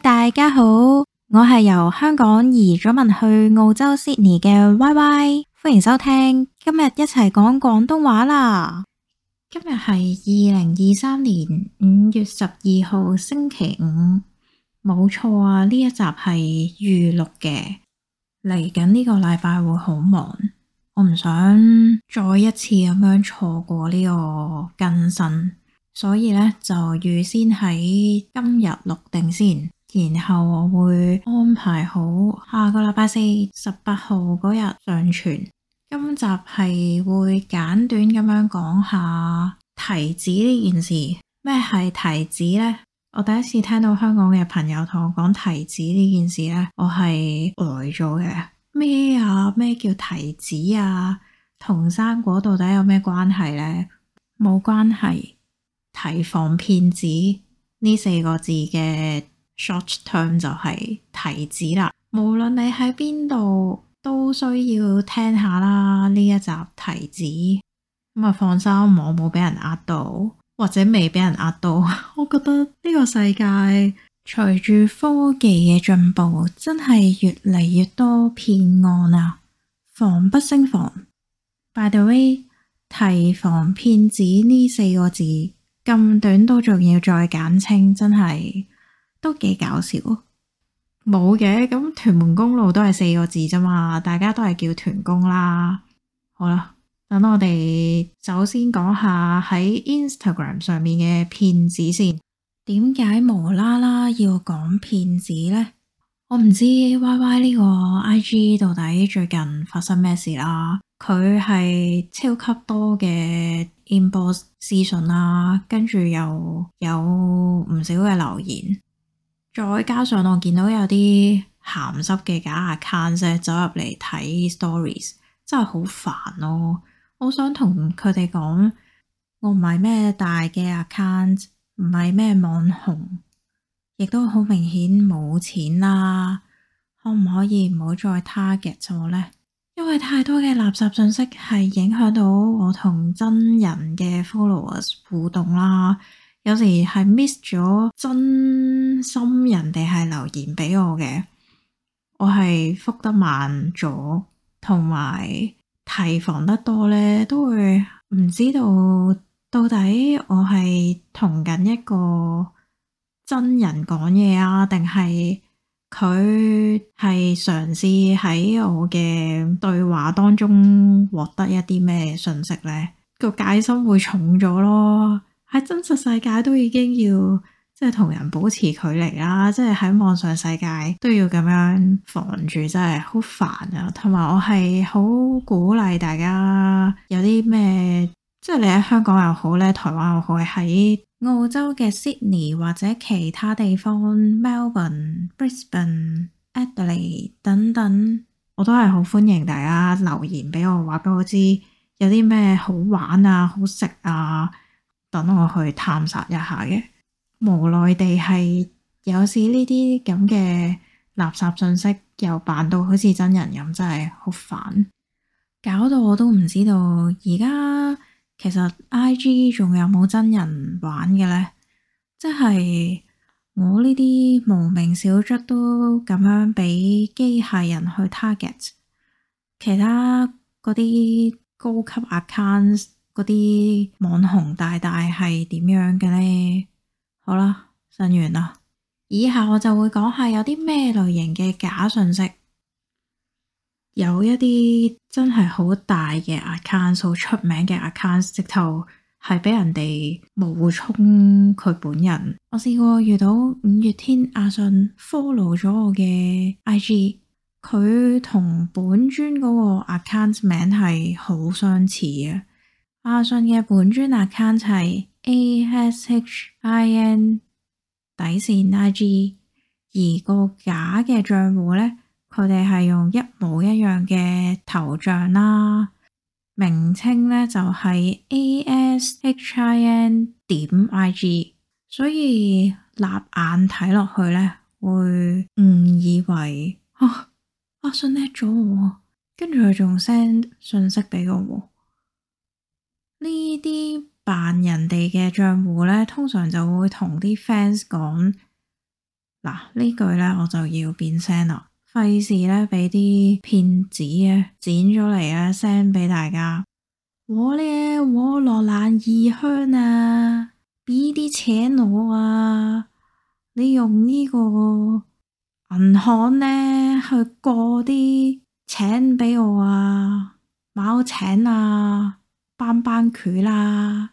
大家好，我係由香港移咗民去澳洲悉尼嘅 Y Y，歡迎收聽今日一齊講廣東話啦。今日係二零二三年五月十二號星期五，冇錯啊。呢一集係預錄嘅，嚟緊呢個禮拜會好忙，我唔想再一次咁樣錯過呢個更新，所以呢，就預先喺今日錄定先。然後我會安排好下個禮拜四十八號嗰日上傳。今集係會簡短咁樣講下提子呢件事。咩係提子呢？我第一次聽到香港嘅朋友同我講提子呢件事呢，我係呆咗嘅。咩啊？咩叫提子啊？同生果到底有咩關係呢？冇關係。提防騙子呢四個字嘅。Short term 就係提子啦。無論你喺邊度，都需要聽下啦，呢一集提子咁啊。放心，我冇俾人呃到，或者未俾人呃到。 我覺得呢個世界隨住科技嘅進步，真係越嚟越多騙案啊，防不勝防。By the way，提防騙子呢四個字咁短，都仲要再簡稱，真係。都幾搞笑，冇嘅咁。屯門公路都係四個字啫嘛，大家都係叫屯公啦。好啦，等我哋首先講下喺 Instagram 上面嘅騙子先。點解無啦啦要講騙子呢？我唔知 Y Y 呢個 I G 到底最近發生咩事啦。佢係超級多嘅 inbox 私信啦，跟住又有唔少嘅留言。再加上我見到有啲鹹濕嘅假 account 啫，走入嚟睇 stories，真係好煩咯！我想同佢哋講，我唔係咩大嘅 account，唔係咩網紅，亦都好明顯冇錢啦。可唔可以唔好再 target 我呢？因為太多嘅垃圾信息係影響到我同真人嘅 followers 互動啦。有時係 miss 咗真心人哋係留言俾我嘅，我係覆得慢咗，同埋提防得多呢，都會唔知道到底我係同緊一個真人講嘢啊，定係佢係嘗試喺我嘅對話當中獲得一啲咩信息呢？個戒心會重咗咯。喺真實世界都已經要即係同人保持距離啦，即係喺網上世界都要咁樣防住，真係好煩啊！同埋我係好鼓勵大家有啲咩，即係你喺香港又好咧，台灣又好，喺澳洲嘅 Sydney 或者其他地方 Melbourne、Brisbane、Adelaide 等等，我都係好歡迎大家留言俾我話俾我知，有啲咩好玩啊、好食啊～等我去探索一下嘅。無奈地係有時呢啲咁嘅垃圾信息，又扮到好似真人咁，真係好煩，搞到我都唔知道而家其實 IG 仲有冇真人玩嘅呢？即係我呢啲無名小卒都咁樣俾機械人去 target，其他嗰啲高級 accounts。嗰啲網紅大大係點樣嘅呢？好啦，新完啦。以下我就會講下有啲咩類型嘅假信息，有一啲真係好大嘅 account，好出名嘅 account，直頭係俾人哋冒充佢本人。我試過遇到五月天阿信 follow 咗我嘅 IG，佢同本尊嗰個 account 名係好相似啊。阿信嘅本專 account 係 A S H I N 底線 I G，而個假嘅賬戶咧，佢哋係用一模一樣嘅頭像啦，名稱咧就係、是、A S H I N 點 I G，所以立眼睇落去咧，會誤以為啊，阿信叻咗我，跟住佢仲 send 信息俾我。呢啲扮人哋嘅賬戶咧，通常就會同啲 fans 講嗱呢句咧，我就要變聲啦，費事咧俾啲騙子剪咗嚟啊 send 俾大家。我咧我落難異鄉啊，俾啲錢我啊，你用個銀呢個銀行咧去過啲錢俾我啊，冇錢啊。班班佢啦，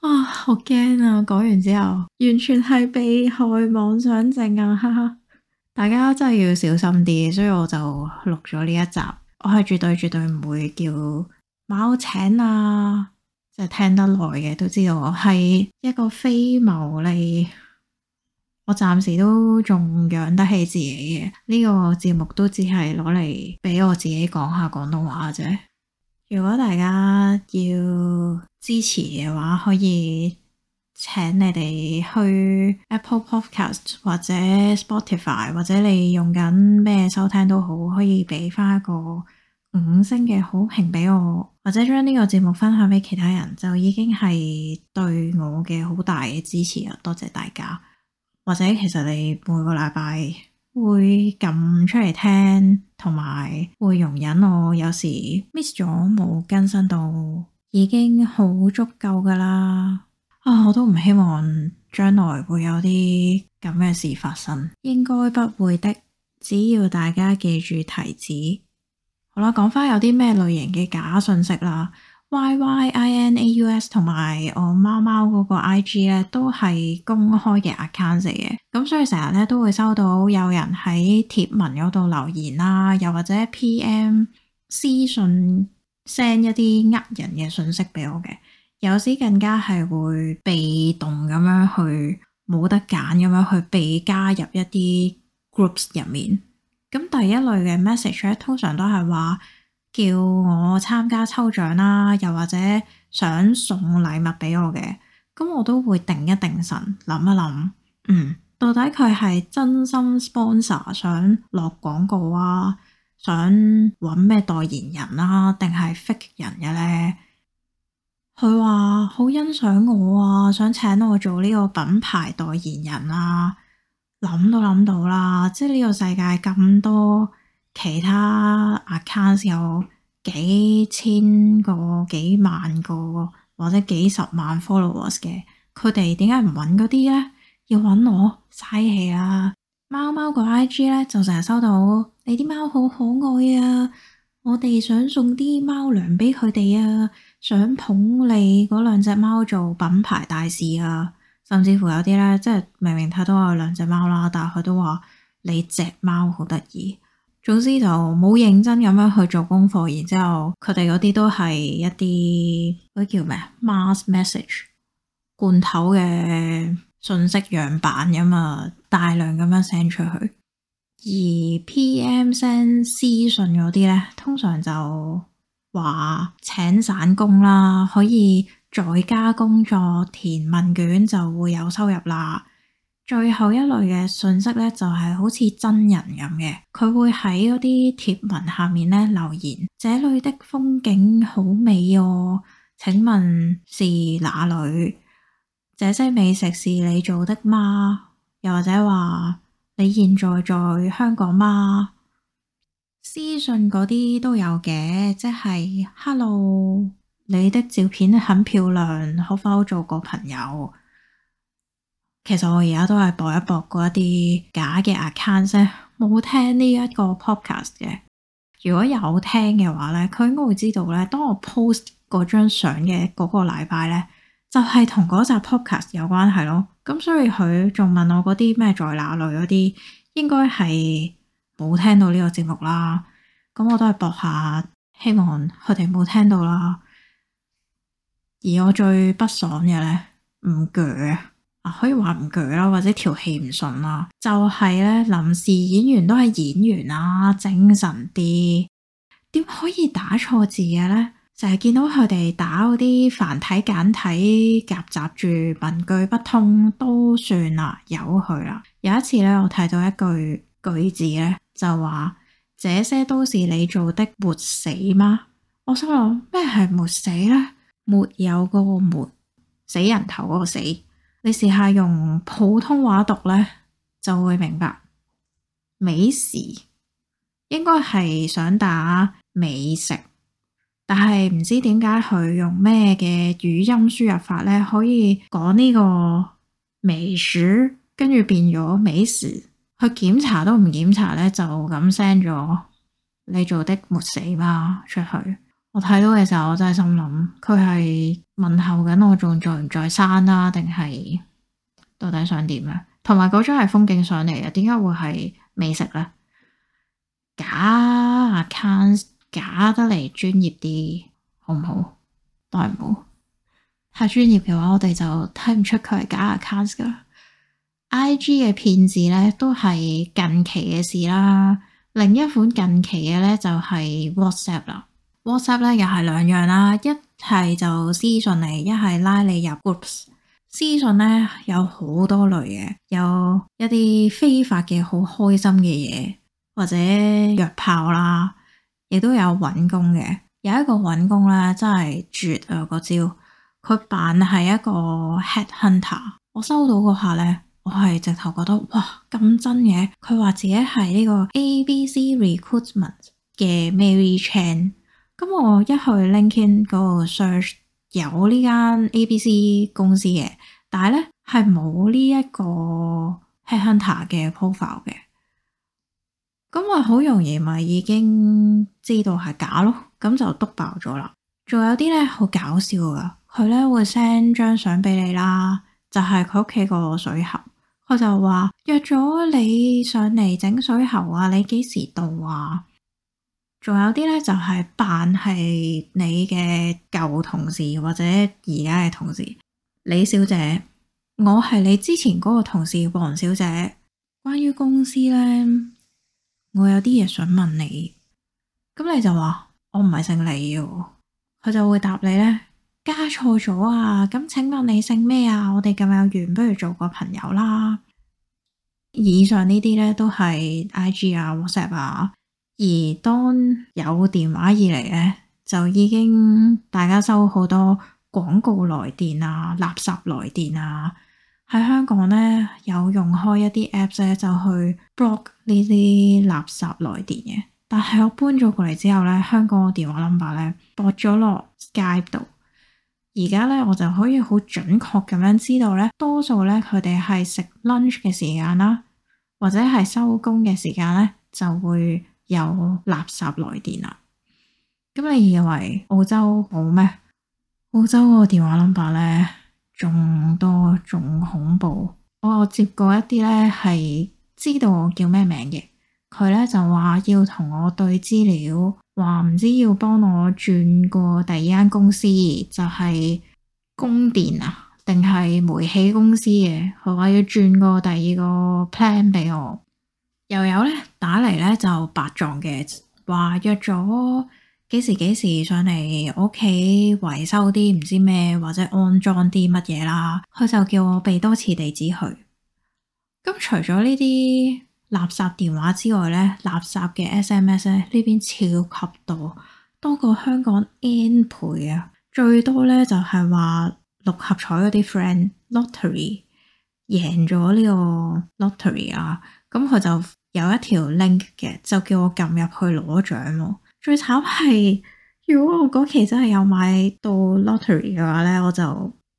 啊，好驚啊！講完之後，完全係被害妄想症啊！ 大家真係要小心啲，所以我就錄咗呢一集。我係絕對絕對唔會叫貓請啊，即係、就是、聽得耐嘅都知道我係一個非牟利。我暫時都仲養得起自己嘅呢、這個節目，都只係攞嚟俾我自己講下廣東話啫。如果大家要支持嘅話，可以請你哋去 Apple Podcast 或者 Spotify，或者你用緊咩收聽都好，可以俾翻一個五星嘅好評俾我，或者將呢個節目分享俾其他人，就已經係對我嘅好大嘅支持啦！多謝大家，或者其實你每個禮拜……會撳出嚟聽，同埋會容忍我有時 miss 咗冇更新到，已經好足夠噶啦。啊，我都唔希望將來會有啲咁嘅事發生，應該不會的。只要大家記住提子。好啦，講翻有啲咩類型嘅假信息啦。Y Y I N A U S 同埋我貓貓嗰個 I G 咧都係公開嘅 account 嚟嘅，咁所以成日咧都會收到有人喺貼文嗰度留言啦，又或者 P M 私信 send 一啲呃人嘅信息俾我嘅，有時更加係會被動咁樣去冇得揀咁樣去被加入一啲 groups 入面。咁第一類嘅 message 咧通常都係話，叫我參加抽獎啦，又或者想送禮物俾我嘅，咁我都會定一定神諗一諗，嗯，到底佢係真心 sponsor 想落廣告啊，想搵咩代言人啊，定係 fake 人嘅呢？佢話好欣賞我啊，想請我做呢個品牌代言人啊，諗都諗到啦，即係呢個世界咁多。其他 account 有幾千個、幾萬個或者幾十萬 followers 嘅，佢哋點解唔揾嗰啲呢？要揾我嘥氣啊！貓貓個 IG 咧就成日收到你啲貓好可愛啊，我哋想送啲貓糧俾佢哋啊，想捧你嗰兩隻貓做品牌大使啊，甚至乎有啲咧，即係明明睇到有兩隻貓啦，但係佢都話你隻貓好得意。總之就冇認真咁樣去做功課，然之後佢哋嗰啲都係一啲嗰，叫咩 mass message 罐頭嘅信息樣板噶嘛，大量咁樣 send 出去。而 pm send 私信嗰啲呢，通常就話請散工啦，可以在家工作填問卷就會有收入啦。最後一類嘅信息咧，就係好似真人咁嘅，佢會喺嗰啲貼文下面咧留言。這裏的風景好美哦，請問是哪裏？這些美食是你做的嗎？又或者話你現在在香港嗎？私信嗰啲都有嘅，即係 Hello，你的照片很漂亮，可否做個朋友？其實我而家都係博一博嗰一啲假嘅 account 啫，冇聽呢一個 podcast 嘅。如果有聽嘅話咧，佢應該會知道咧，當我 post 嗰張相嘅嗰個禮拜咧，就係同嗰集 podcast 有關係咯。咁所以佢仲問我嗰啲咩在哪裏嗰啲，應該係冇聽到呢個節目啦。咁我都係博下，希望佢哋冇聽到啦。而我最不爽嘅咧，唔鋸可以話唔舉啦，或者條氣唔順啦，就係咧臨時演員都係演員啦、啊，精神啲，點可以打錯字嘅咧？就係、是、見到佢哋打嗰啲繁體簡體夾雜住文句不通，都算啦，由佢啦。有一次咧，我睇到一句句子咧，就話這些都是你做的沒死嗎？我心想諗咩係沒死咧？沒有嗰個沒死人頭嗰個死。你試下用普通話讀咧，就會明白。美食應該係想打美食，但係唔知點解佢用咩嘅語音輸入法咧，可以講呢個美食，跟住變咗美食。佢檢查都唔檢查咧，就咁 send 咗你做的沒死嗎出去？我睇到嘅時候，我真係心諗佢係問候緊我，仲在唔在生啦、啊？定係到底想點啊？同埋嗰張係風景相嚟嘅，點解會係美食咧？假 account 假得嚟專業啲好唔好？都係唔好太專業嘅話，我哋就睇唔出佢係假 account 噶。I G 嘅騙子咧，都係近期嘅事啦。另一款近期嘅咧，就係 WhatsApp 啦。WhatsApp 咧又係兩樣啦，一係就私信你，一係拉你入 groups。私信咧有好多類嘅，有一啲非法嘅好開心嘅嘢，或者約炮啦，亦都有揾工嘅。有一個揾工咧真係絕啊，個招，佢扮係一個 head hunter。我收到嗰下咧，我係直頭覺得哇咁真嘅。佢話自己係呢個 ABC Recruitment 嘅 Mary Chan。咁我一去 LinkedIn 嗰個 search 有呢間 ABC 公司嘅，但係咧係冇呢一個 hunter 嘅 profile 嘅，咁咪好容易咪已經知道係假咯，咁就篤爆咗啦。仲有啲咧好搞笑噶，佢咧會 send 張相俾你啦，就係佢屋企個水喉，佢就話約咗你上嚟整水喉啊，你幾時到啊？仲有啲咧，就係扮係你嘅舊同事或者而家嘅同事。李小姐，我係你之前嗰個同事黃小姐。關於公司咧，我有啲嘢想問你。咁你就話我唔係姓李哦，佢就會答你咧加錯咗啊！咁請問你姓咩啊？我哋咁有緣，不如做個朋友啦。以上呢啲咧都係 IG 啊、WhatsApp 啊。而當有電話以嚟呢，就已經大家收好多廣告來電啊、垃圾來電啊。喺香港呢，有用開一啲 Apps 咧，就去 block 呢啲垃圾來電嘅。但係我搬咗過嚟之後呢，香港嘅電話 number 呢，駁咗落 Skype 度。而家呢，我就可以好準確咁樣知道呢，多數呢，佢哋係食 lunch 嘅時間啦，或者係收工嘅時間呢，就會，有垃圾來電啊！咁你以為澳洲好咩？澳洲個電話 number 咧，仲多仲恐怖。我，我接過一啲咧，係知道我叫咩名嘅，佢咧就話要同我對資料，話唔知要幫我轉過第二間公司，就係供電啊定係煤氣公司嘅，佢話要轉個第二個 plan 俾我。又有咧打嚟咧就白撞嘅，話約咗幾時幾時上嚟屋企維修啲唔知咩或者安裝啲乜嘢啦，佢就叫我畀多次地址佢。咁除咗呢啲垃圾電話之外咧，垃圾嘅 SMS 咧呢邊超級多，多過香港 n 倍啊！最多咧就係話六合彩嗰啲 friend lottery 贏咗呢個 lottery 啊，咁佢就。有一條 link 嘅，就叫我撳入去攞獎咯。最慘係，如果我嗰期真係有買到 lottery 嘅話咧，我就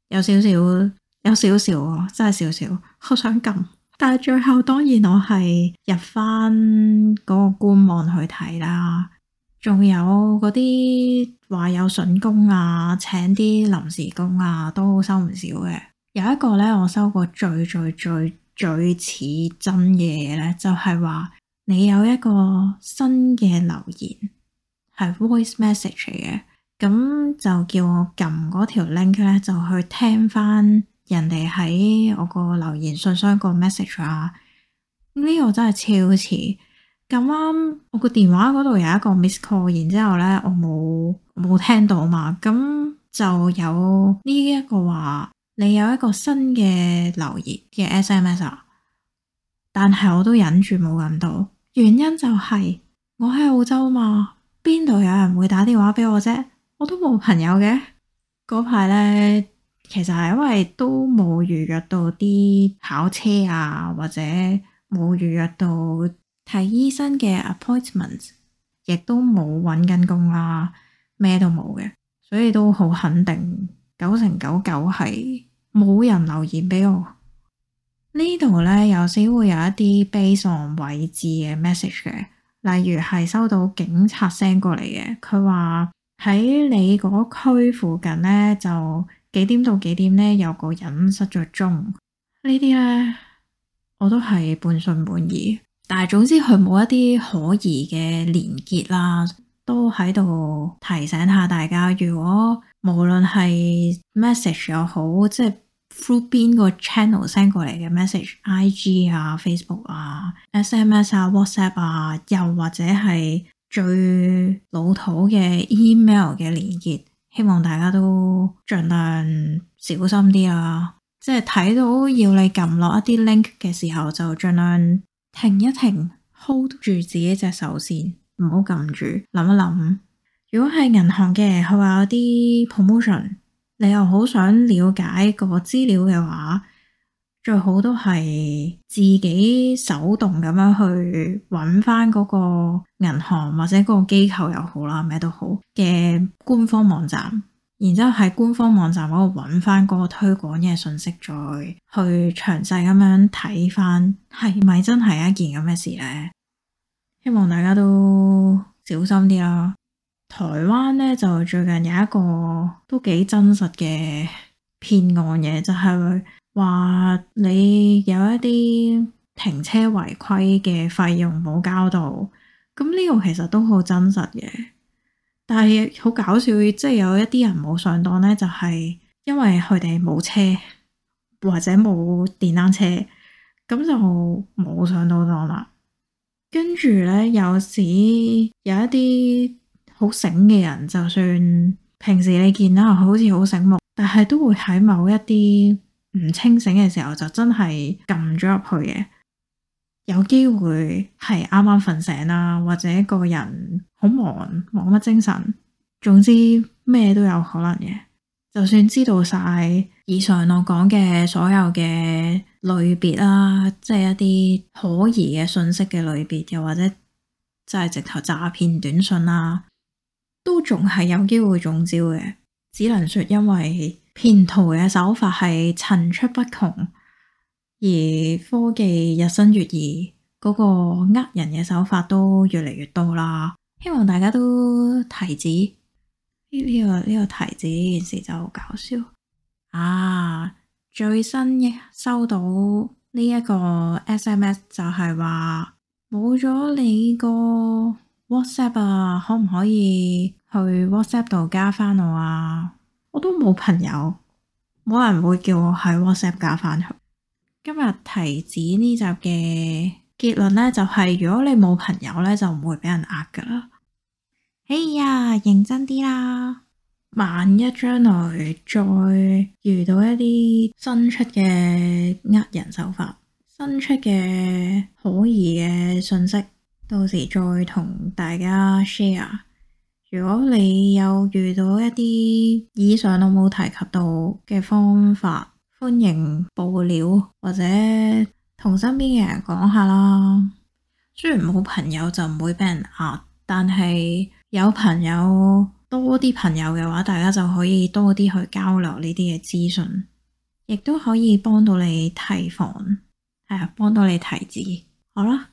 有少少，有少少，真係少少，好想撳。但係最後當然我係入翻嗰個官網去睇啦。仲有嗰啲話有筍工啊，請啲臨時工啊，都收唔少嘅。有一個咧，我收過最最最。最似真嘅咧，就係話你有一個新嘅留言係 voice message 嘅，咁就叫我撳嗰條 link 咧，就去聽翻人哋喺我個留言信箱個 message 啊。呢個真係超似咁啱，剛剛我個電話嗰度有一個 miss call，然之後咧我冇冇聽到嘛，咁就有呢一個話。你有一個新嘅留言嘅 SMS 啊，但係我都忍住冇撳到。原因就係、是、我喺澳洲嘛，邊度有人會打電話俾我啫？我都冇朋友嘅嗰排呢，其實係因為都冇預約到啲考車啊，或者冇預約到睇醫生嘅 appointment，亦都冇揾緊工啦、啊，咩都冇嘅，所以都好肯定。九成九九係冇人留言俾我。呢度呢，有時會有一啲基於位置嘅 message 嘅，例如係收到警察 send 過嚟嘅，佢話喺你嗰區附近呢，就幾點到幾點呢，有個人失咗蹤，呢啲呢，我都係半信半疑，但係總之佢冇一啲可疑嘅連結啦，都喺度提醒下大家，如果。無論係 message 又好，即係 through 邊個 channel send 過嚟嘅 message，IG 啊、Facebook 啊、SMS 啊、WhatsApp 啊，又或者係最老土嘅 email 嘅連結，希望大家都盡量小心啲啊！即係睇到要你撳落一啲 link 嘅時候，就盡量停一停，hold 住自己隻手先，唔好撳住，諗一諗。如果係銀行嘅，佢話有啲 promotion，你又好想了解個資料嘅話，最好都係自己手動咁樣去揾翻嗰個銀行或者嗰個機構又好啦，咩都好嘅官方網站，然之後喺官方網站嗰度揾翻嗰個推廣嘅信息，再去詳細咁樣睇翻，係咪真係一件咁嘅事呢？希望大家都小心啲咯。台灣咧就最近有一個都幾真實嘅騙案嘅，就係話你有一啲停車違規嘅費用冇交到，咁呢個其實都好真實嘅。但係好搞笑，即係有一啲人冇上當呢，就係因為佢哋冇車或者冇電單車，咁就冇上到當啦。跟住呢，有時有一啲好醒嘅人，就算平時你見到好似好醒目，但係都會喺某一啲唔清醒嘅時候，就真係撳咗入去嘅。有機會係啱啱瞓醒啦，或者個人好忙冇乜精神，總之咩都有可能嘅。就算知道晒以上我講嘅所有嘅類別啦，即係一啲可疑嘅信息嘅類別，又或者即係直頭詐騙短信啦。都仲係有機會中招嘅，只能說因為騙徒嘅手法係層出不窮，而科技日新月異，嗰、那個呃人嘅手法都越嚟越多啦。希望大家都提子呢、這個呢、這個提子呢件事就好搞笑啊！最新收到呢一個 SMS 就係話冇咗你個。WhatsApp 啊，可唔可以去 WhatsApp 度加返我啊？我都冇朋友，冇人會叫我喺 WhatsApp 加返佢。今日提子呢集嘅結論呢、就是，就係如果你冇朋友呢，就唔會俾人呃噶啦。哎、hey, 呀、啊，認真啲啦！萬一將來再遇到一啲新出嘅呃人手法，新出嘅可疑嘅信息。到時再同大家 share。如果你有遇到一啲以上都冇提及到嘅方法，歡迎報料或者同身邊嘅人講下啦。雖然冇朋友就唔會俾人呃，但係有朋友多啲朋友嘅話，大家就可以多啲去交流呢啲嘅資訊，亦都可以幫到你提防，係啊，幫到你提子。好啦。